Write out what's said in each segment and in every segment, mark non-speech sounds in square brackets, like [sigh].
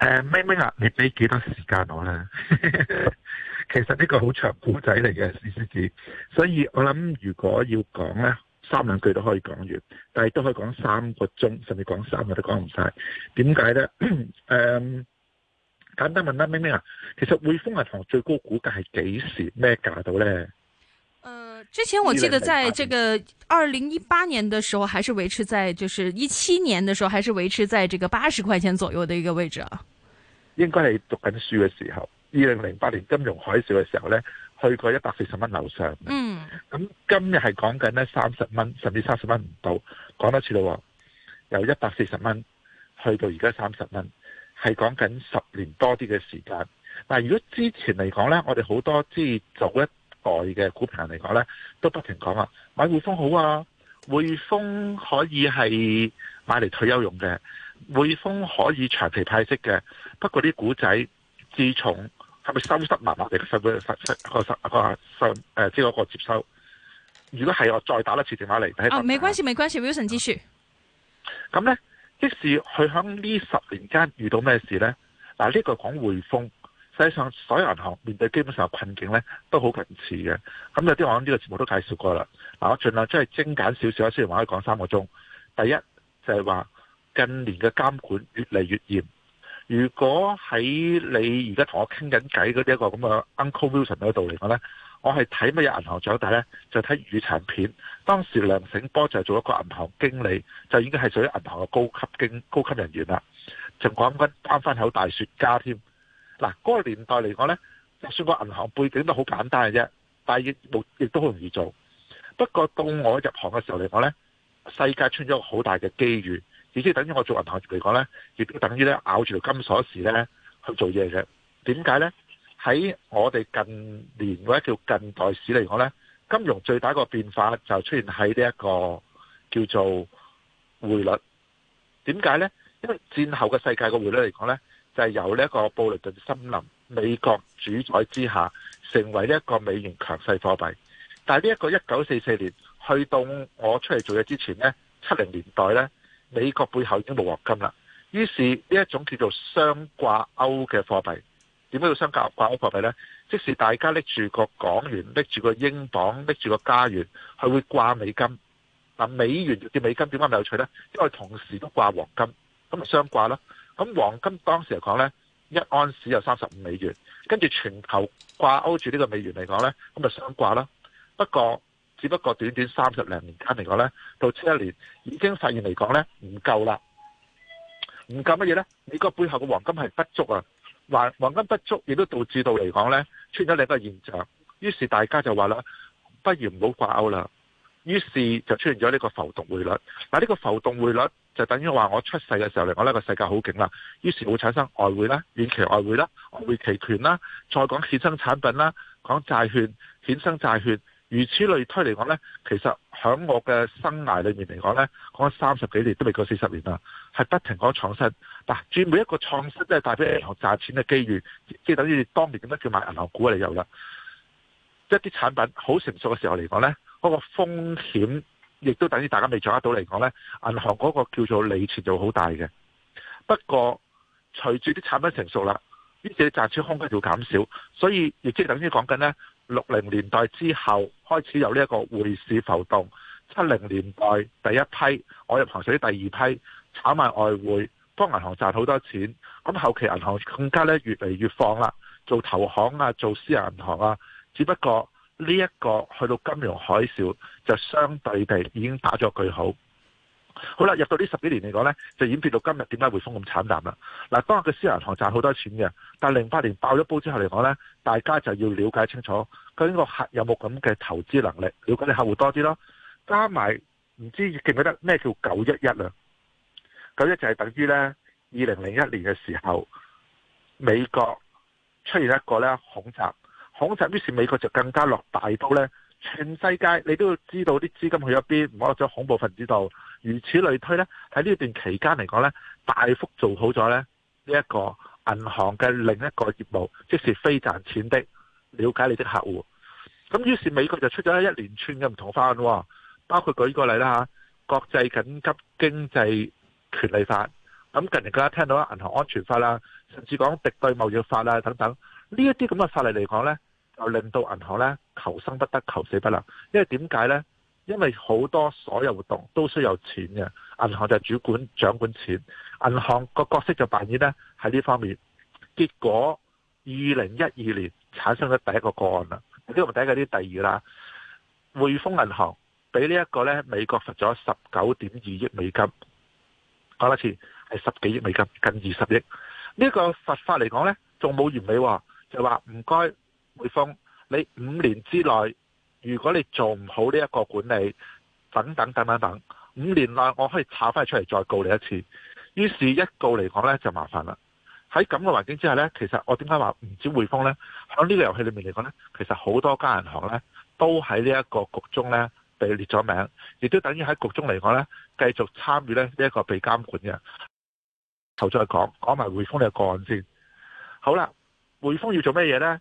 誒、uh，明明啊，你俾幾多時間我咧？ [laughs] 其實呢個好長古仔嚟嘅，先生，子，所以我諗如果要講咧，三兩句都可以講完，但係都可以講三個鐘，甚至講三個都講唔晒。點解咧？誒、 [coughs] 嗯，簡單問啦，明明啊，其實匯豐銀行最高股價係幾時咩價到咧？之前我記得在這個二零一八年的時候，還是維持在，就是一七年的時候，還是維持在這個八十塊錢左右的一個位置啊。應該係讀緊書嘅時候，二零零八年金融海嘯嘅時候呢，去過一百四十蚊樓上。嗯。咁、嗯、今日係講緊呢三十蚊，甚至三十蚊唔到，講多次啦，由一百四十蚊去到而家三十蚊，係講緊十年多啲嘅時間。但如果之前嚟講呢，我哋好多即係做一。代嘅股評人嚟講咧，都不停講啊，買匯豐好啊，匯豐可以係買嚟退休用嘅，匯豐可以長期派息嘅。不過啲股仔自重係咪收失麻麻嚟嘅？會唔會誒，即係個接收？如果係我再打一次電話嚟，哦、啊，唔係關事，唔係關事 Wilson 之處咁咧，即使佢喺呢十年間遇到咩事咧，嗱，呢個講匯豐。實際上，所有銀行面對基本上嘅困境咧，都好近似嘅。咁有啲我諗呢個節目都介紹過啦。嗱，我儘量真係精簡少少啊，雖然我可以講三個鐘。第一就係話近年嘅監管越嚟越嚴。如果喺你而家同我傾緊偈嗰啲一個咁嘅 Uncle Wilson 喺度嚟講咧，我係睇乜嘢銀行長大咧？就睇粵語殘片。當時梁醒波就係做一個銀行經理，就已經係屬於銀行嘅高級經高級人員啦。仲講緊啱翻口大雪茄添。嗱，嗰個年代嚟講呢，就算個銀行背景都好簡單嘅啫，但係亦亦都好容易做。不過到我入行嘅時候嚟講呢，世界出現咗個好大嘅機遇，亦即等於我做銀行嚟講呢，亦都等於咧咬住條金鎖匙呢去做嘢嘅。點解呢？喺我哋近年或者叫近代史嚟講呢，金融最大一個變化就出現喺呢一個叫做匯率。點解呢？因為戰後嘅世界個匯率嚟講呢。就係、是、由呢一個布雷頓森林美國主宰之下，成為呢一個美元強勢貨幣。但係呢一個一九四四年去到我出嚟做嘢之前呢，七零年代呢，美國背後已經冇黃金啦。於是呢一種叫做雙掛鈎嘅貨幣，點解叫雙掛掛鈎貨幣呢？即使大家拎住個港元、拎住個英鎊、拎住個加元，佢會掛美金。嗱，美元兌美金點解咁有趣呢？因為同時都掛黃金，咁咪雙掛囉。咁黃金當時嚟講呢，一盎司有三十五美元，跟住全球掛鉤住呢個美元嚟講呢，咁就想掛啦。不過只不過短短三十零年間嚟講呢，到七一年已經發現嚟講呢，唔夠啦，唔夠乜嘢呢？你個背後嘅黃金係不足啊，黃黃金不足，亦都導致到嚟講呢，出咗另一個現象，於是大家就話啦，不如唔好掛鉤啦。於是就出現咗呢個浮動匯率。嗱，呢個浮動匯率就等於話，我出世嘅時候嚟講呢個世界好勁啦。於是會產生外匯啦、遠期外匯啦、外匯期權啦、再講衍生產品啦、講債券、衍生債券，如此類推嚟講呢，其實響我嘅生涯裏面嚟講呢，講咗三十幾年都未過四十年啦，係不停講創新。嗱，轉，每一個創新都係帶俾銀行賺錢嘅機遇，即係等於當年點解，叫買銀行股嘅理由啦。一啲產品好成熟嘅時候嚟講呢。嗰個風險亦都等於大家未掌握到嚟講呢，銀行嗰個叫做利差就好大嘅。不過隨住啲產品成熟啦，啲只賺錢空間要減少，所以亦即係等於講緊呢。六零年代之後開始有呢一個匯市浮動，七零年代第一批我入行屬於第二批炒賣外匯，幫銀行賺好多錢。咁後期銀行更加咧越嚟越放啦，做投行啊，做私人銀行啊，只不過。呢、這、一個去到金融海嘯就相對地已經打咗句號，好啦，入到呢十幾年嚟講呢，就演變到今日點解匯豐咁慘淡啦？嗱，當日嘅私人行賺好多錢嘅，但係零八年爆咗煲之後嚟講呢，大家就要了解清楚究竟個客有冇咁嘅投資能力，了解你客戶多啲咯。加埋唔知記唔記得咩叫九一一啊？九一就係等於呢二零零一年嘅時候，美國出現一個呢恐襲。恐襲，於是美國就更加落大刀呢，全世界你都要知道啲資金去咗邊，唔好落咗恐怖分子度。如此類推呢，喺呢段期間嚟講呢，大幅做好咗呢一個銀行嘅另一個業務，即是非賺錢的了解你的客戶。咁於是美國就出咗一連串嘅唔同法案，包括舉個例啦嚇，國際緊急經濟權利法。咁近年大家聽到銀行安全法啦，甚至講敵對貿易法啦等等。呢一啲咁嘅法例嚟講呢，就令到銀行呢求生不得，求死不能。因為點解呢？因為好多所有活動都需要錢嘅，銀行就主管掌管錢，銀行個角色就扮演呢喺呢方面。結果二零一二年產生咗第一個個案啦，呢個唔係第一個，呢第二個啦。滙豐銀行俾呢一個呢美國罰咗十九點二億美金。講多次係十幾億美金，近二十億。這個，法法呢個罰法嚟講呢仲冇完美啊。就話唔該，匯豐，你五年之內如果你做唔好呢一個管理，等等等等等，五年內我可以炒翻佢出嚟再告你一次。於是，一告嚟講呢，就麻煩啦。喺咁嘅環境之下呢，其實我點解話唔止匯豐呢？響呢個遊戲裏面嚟講呢，其實好多間銀行呢都喺呢一個局中呢被列咗名，亦都等於喺局中嚟講呢繼續參與呢一個被監管嘅。頭再講，講埋匯豐嘅個案先。好啦。匯豐要做咩嘢呢？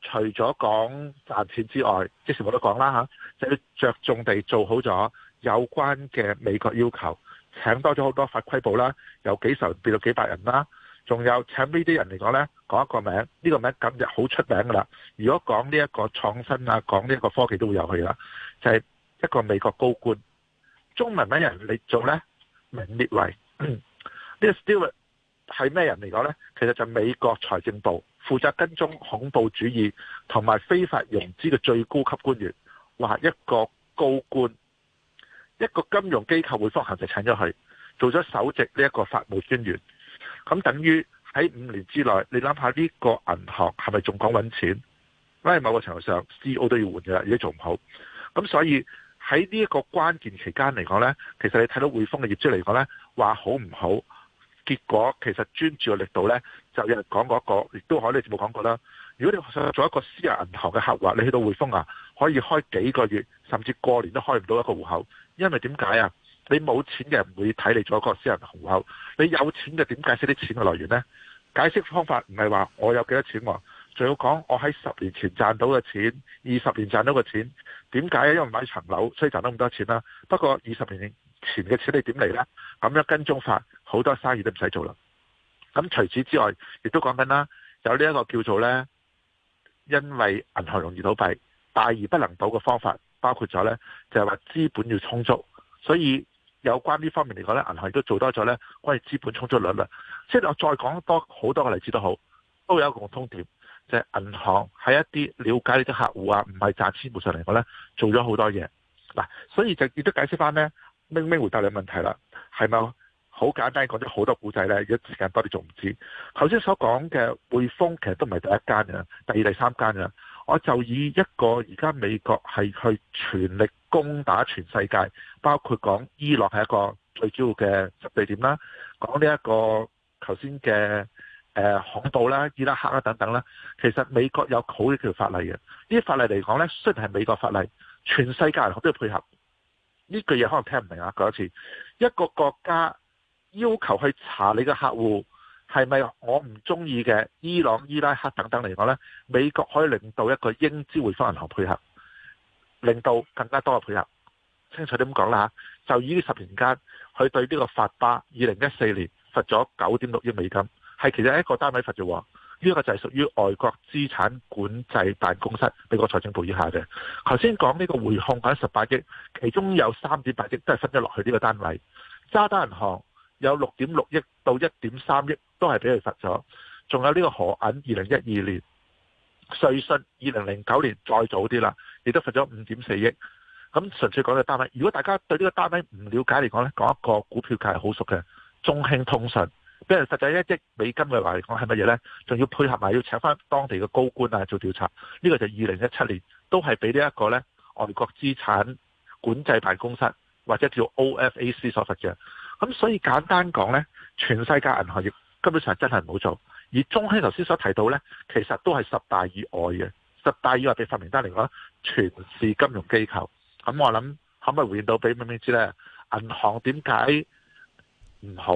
除咗講賺錢之外，之前我都講啦吓，就要着重地做好咗有關嘅美國要求，請多咗好多法規部啦，由幾十人變到幾百人啦，仲有請呢啲人嚟講呢，講一個名，呢、呢個名今日好出名噶啦。如果講呢一個創新啊，講呢一個科技都會有佢啦，就係、係、一個美國高官，中文名人你做呢？名列為呢個 Stewart。 [coughs] 係咩人嚟講呢？其實就是美國財政部負責跟蹤恐怖主義同埋非法融資嘅最高級官員，話一個高官，一個金融機構會匯豐就請咗去做咗首席呢一個法務專員。咁等於喺五年之內，你諗下呢個銀行係咪仲講搵錢？咧，某個程度上，C.O. 都要換嘅啦，而家做唔好。咁所以喺呢一個關鍵期間嚟講呢，其實你睇到匯豐嘅業績嚟講呢，話好唔好？結果其實專注嘅力度呢，就有人講過一個，亦都可海呢冇講過啦。如果你想做一個私人銀行嘅客戶，你去到匯豐啊，可以開幾個月，甚至過年都開唔到一個戶口，因為點解啊？你冇錢嘅人唔會睇你做一個私人戶口，你有錢嘅點解釋啲錢嘅來源呢？解釋方法唔係話我有幾多錢喎、啊，仲要講我喺十年前賺到嘅錢，二十年賺到嘅錢，點解？因為買層樓所以賺到咁多錢啦、啊。不過二十年前嘅錢你點嚟呢？咁樣跟蹤法。好多生意都唔使做啦。咁除此之外，亦都講緊啦，有呢一個叫做呢，因為銀行容易倒閉，大而不能倒嘅方法包括咗呢，就係話資本要充足。所以有關呢方面嚟講呢，銀行亦都做多咗呢，關於資本充足率啦。即係我再講多好多個例子都好，都有一個共通點，就係、是、銀行喺一啲了解呢啲客戶啊，唔係賺錢面上嚟講呢，做咗好多嘢嗱。所以就亦都解釋翻呢，明明回答你問題啦，係咪？好簡單講咗好多古仔呢，如果時間多啲做唔止。頭先所講嘅匯豐其實都唔係第一間嘅，第二、第三間嘅。我就以一個而家美國係去全力攻打全世界，包括講伊朗係一個最主要嘅執地點啦。講呢一個頭先嘅誒恐怖啦、伊拉克啦等等啦。其實美國有好多條法例嘅，呢啲法例嚟講呢，雖然係美國法例，全世界人都要配合。呢句嘢可能聽唔明啊，講一次，一個國家。要求去查你嘅客戶係咪我唔中意嘅伊朗、伊拉克等等嚟講呢，美國可以令到一個英資匯豐銀行配合，令到更加多嘅配合。清楚啲咁講啦嚇，就以呢十年間，佢對呢個法巴二零一四年罰咗九點六億美金，係其中一個單位罰咗。呢個就係屬於外國資產管制辦公室、美國財政部以下嘅。頭先講呢個匯控喺十八億，其中有三點八億都係分咗落去呢個單位，渣打銀行。有六點六億到一點三億都係俾佢罰咗，仲有呢個河銀二零一二年瑞信，二零零九年再早啲啦，亦都罰咗五點四億。咁純粹講嘅單位，如果大家對呢個單位唔了解嚟講呢講一個股票界係好熟嘅中興通訊俾人罰咗一億美金嘅話嚟講係乜嘢呢？仲要配合埋要請返當地嘅高官啊做調查，呢個就二零一七年都係俾呢一個呢外國資產管制辦公室或者叫 OFAC 所罰嘅。咁所以簡單講呢，全世界銀行業根本上真係唔好做，而中興頭先所提到呢，其實都係十大以外嘅，十大以外嘅發明單嚟講，全是金融機構。咁我諗可唔可以回應到俾唔知呢？銀行點解唔好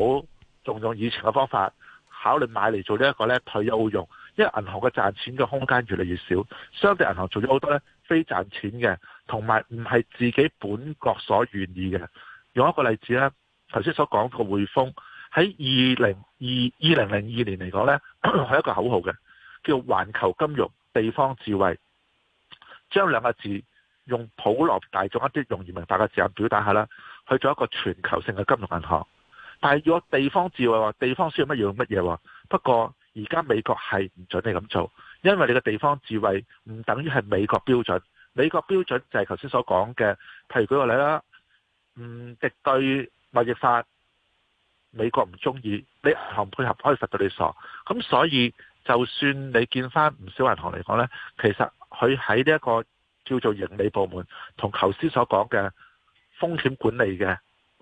仲用以前嘅方法考慮買嚟做呢一個呢？退休用？因為銀行嘅賺錢嘅空間越嚟越少，相對銀行做咗好多呢，非賺錢嘅，同埋唔係自己本國所願意嘅。用一個例子呢。頭先所講個匯豐喺二零二二零零二年嚟講呢，係 [coughs] 一個口號嘅，叫環球金融地方智慧。將兩個字用普羅大眾一啲容易明白嘅字眼表達下啦，去做一個全球性嘅金融銀行。但係如果地方智慧的話，地方需要乜嘢用乜嘢。不過而家美國係唔准你咁做，因為你嘅地方智慧唔等於係美國標準。美國標準就係頭先所講嘅，譬如舉個例啦，嗯，敵對。物業法，美國唔中意你銀行配合可以罰到你傻，咁所以就算你見翻唔少銀行嚟講呢，其實佢喺呢一個叫做盈利部門同頭先所講嘅風險管理嘅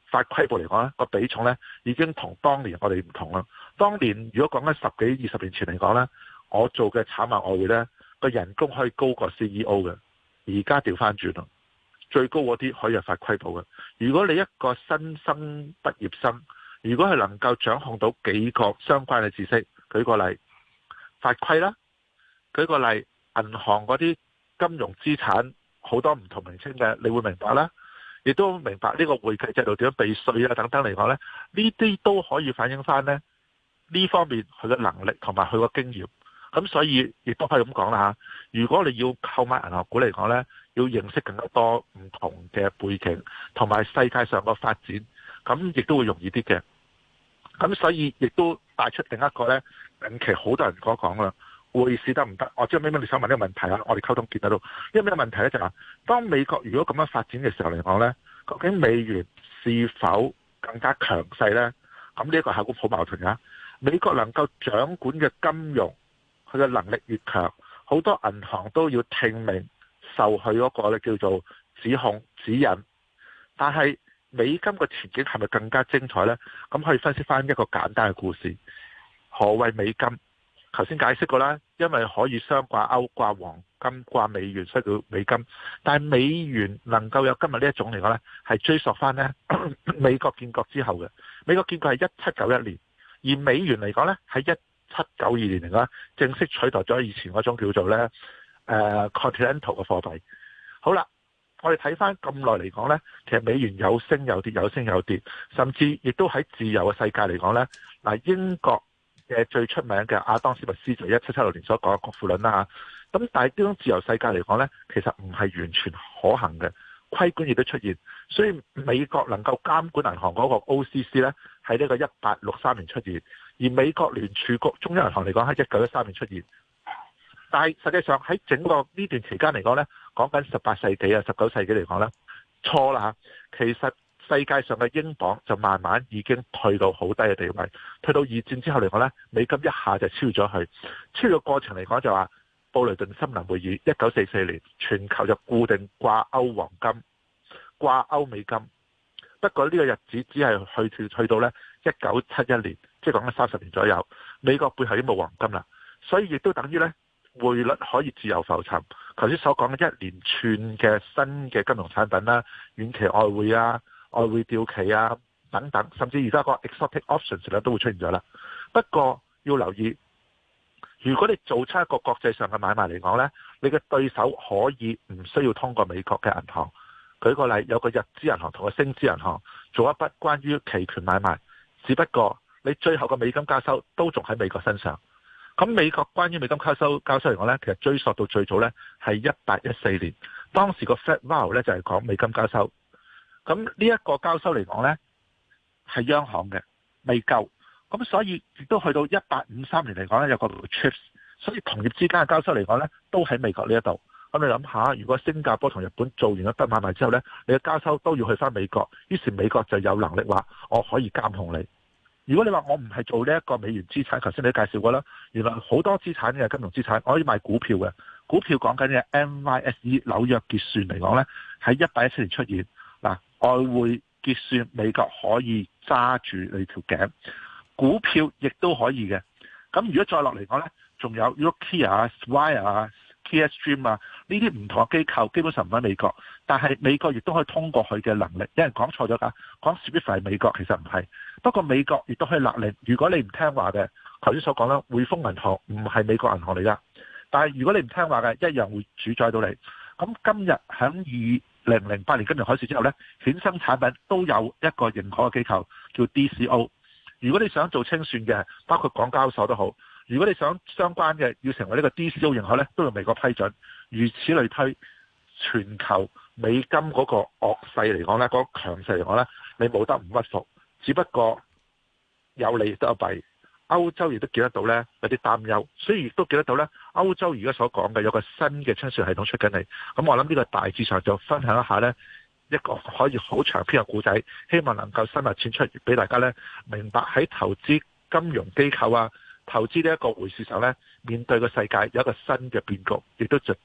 法規部嚟講，呢個比重呢已經同當年我哋唔同啦。當年如果講緊十幾二十年前嚟講呢，我做嘅炒賣外匯呢個人工可以高過 C E O 嘅，而家調翻轉最高嗰啲可以有法規度嘅。如果你一個新生畢業生，如果係能夠掌控到幾個相關嘅知識，舉個例法規啦，舉個例銀行嗰啲金融資產好多唔同名稱嘅，你會明白啦，亦都明白呢個會計制度點樣避稅啊等等嚟講呢。呢啲都可以反映翻呢呢方面佢嘅能力同埋佢嘅經驗。咁所以亦都可以咁講啦嚇。如果你要購買銀行股嚟講呢。要認識更加多唔同嘅背景，同埋世界上個發展，咁亦都會容易啲嘅。咁所以亦都帶出另一個呢，近期好多人所講啦，匯市得唔得？我知道咩咩你想問呢個問題啊？我哋溝通見得到。因為咩問題呢？就是，就係當美國如果咁樣發展嘅時候嚟講呢，究竟美元是否更加強勢呢？咁呢一個係果好矛盾嘅啊。美國能夠掌管嘅金融，佢嘅能力越強，好多銀行都要聽命。受佢嗰個咧，叫做指控指引，但係美金嘅前景係咪更加精彩呢？咁可以分析翻一個簡單嘅故事。何謂美金？頭先解釋過啦，因為可以雙掛鈎，掛黃金掛美元，所以叫美金。但係美元能夠有今日呢一種嚟講呢，係追溯翻呢美國建國之後嘅。美國建國係一七九一年，而美元嚟講呢，喺一七九二年嚟講，正式取代咗以前嗰種叫做呢。誒、呃、continental 嘅貨幣，好啦，我哋睇翻咁耐嚟講呢。其實美元有升有跌，有升有跌，甚至亦都喺自由嘅世界嚟講呢。嗱，英國嘅最出名嘅亞當斯密斯就一七七六年所講嘅國富論啦，咁，但係呢種自由世界嚟講呢，其實唔係完全可行嘅，規管亦都出現，所以美國能夠監管銀行嗰個 OCC 呢，喺呢個一八六三年出現，而美國聯儲局中央銀行嚟講喺一九一三年出現。但係，實際上喺整個段呢段期間嚟講呢，講緊十八世紀啊、十九世紀嚟講呢，錯啦，其實世界上嘅英鎊就慢慢已經退到好低嘅地位，退到二戰之後嚟講呢美金一下就超咗去。超嘅過程嚟講就話，布雷頓森林會議一九四四年，全球就固定掛鈎黃金，掛鈎美金。不過呢個日子只係去，去到去到呢一九七一年，即係講緊三十年左右。美國背後已經冇黃金啦，所以亦都等於呢。匯率可以自由浮沉。頭先所講嘅一連串嘅新嘅金融產品啦，遠期外匯啊、外匯掉期啊等等，甚至而家個 exotic options 咧都會出現咗啦。不過要留意，如果你做出一個國際上嘅買賣嚟講呢，你嘅對手可以唔需要通過美國嘅銀行。舉個例，有個日資銀行同個星資銀行做一筆關於期權買賣，只不過你最後嘅美金加收都仲喺美國身上。咁美國關於美金交收交收嚟講呢，其實追溯到最早呢係一八一四年，當時個 Fed Wall 呢就係、是、講美金交收。咁呢一個交收嚟講呢，係央行嘅未夠，咁所以亦都去到一八五三年嚟講呢，有個 trips，所以同業之間嘅交收嚟講呢，都喺美國呢一度。咁你諗下，如果新加坡同日本做完咗筆買賣之後呢，你嘅交收都要去翻美國，於是美國就有能力話我可以監控你。如果你話我唔係做呢一個美元資產，頭先你都介紹過啦，原來好多資產嘅金融資產，我可以賣股票嘅。股票講緊嘅 NYSE 紐約結算嚟講呢，喺一八一七年出現。嗱，外匯結算美國可以揸住你條頸，股票亦都可以嘅。咁如果再落嚟講呢，仲有 Euroclear 啊、Swire 啊、Clearstream 啊。呢啲唔同嘅機構基本上唔喺美國，但係美國亦都可以通過佢嘅能力。有人講錯咗㗎，講 Swift 係美國，其實唔係。不過美國亦都可以勒令，如果你唔聽話嘅，頭先所講啦，匯豐銀行唔係美國銀行嚟㗎。但係如果你唔聽話嘅，一樣會主宰到你。咁今日響二零零八年金融海嘯之後呢，衍生產品都有一個認可嘅機構叫 DCO。如果你想做清算嘅，包括港交所都好。如果你想相關嘅要成為呢個 DCO 銀行咧，都要美國批准。如此類推，全球美金嗰個惡勢嚟講咧，嗰個強勢嚟講咧，你冇得唔屈服。只不過有利亦都有弊。歐洲亦都見得到咧，有啲擔憂，雖然亦都見得到咧，歐洲而家所講嘅有個新嘅清算系統出緊嚟。咁我諗呢個大致上就分享一下咧，一個可以好長篇嘅故仔，希望能夠深入淺出俾大家咧明白喺投資金融機構啊。投資呢一個回事時候咧，面對個世界有一個新嘅變局，亦都就即。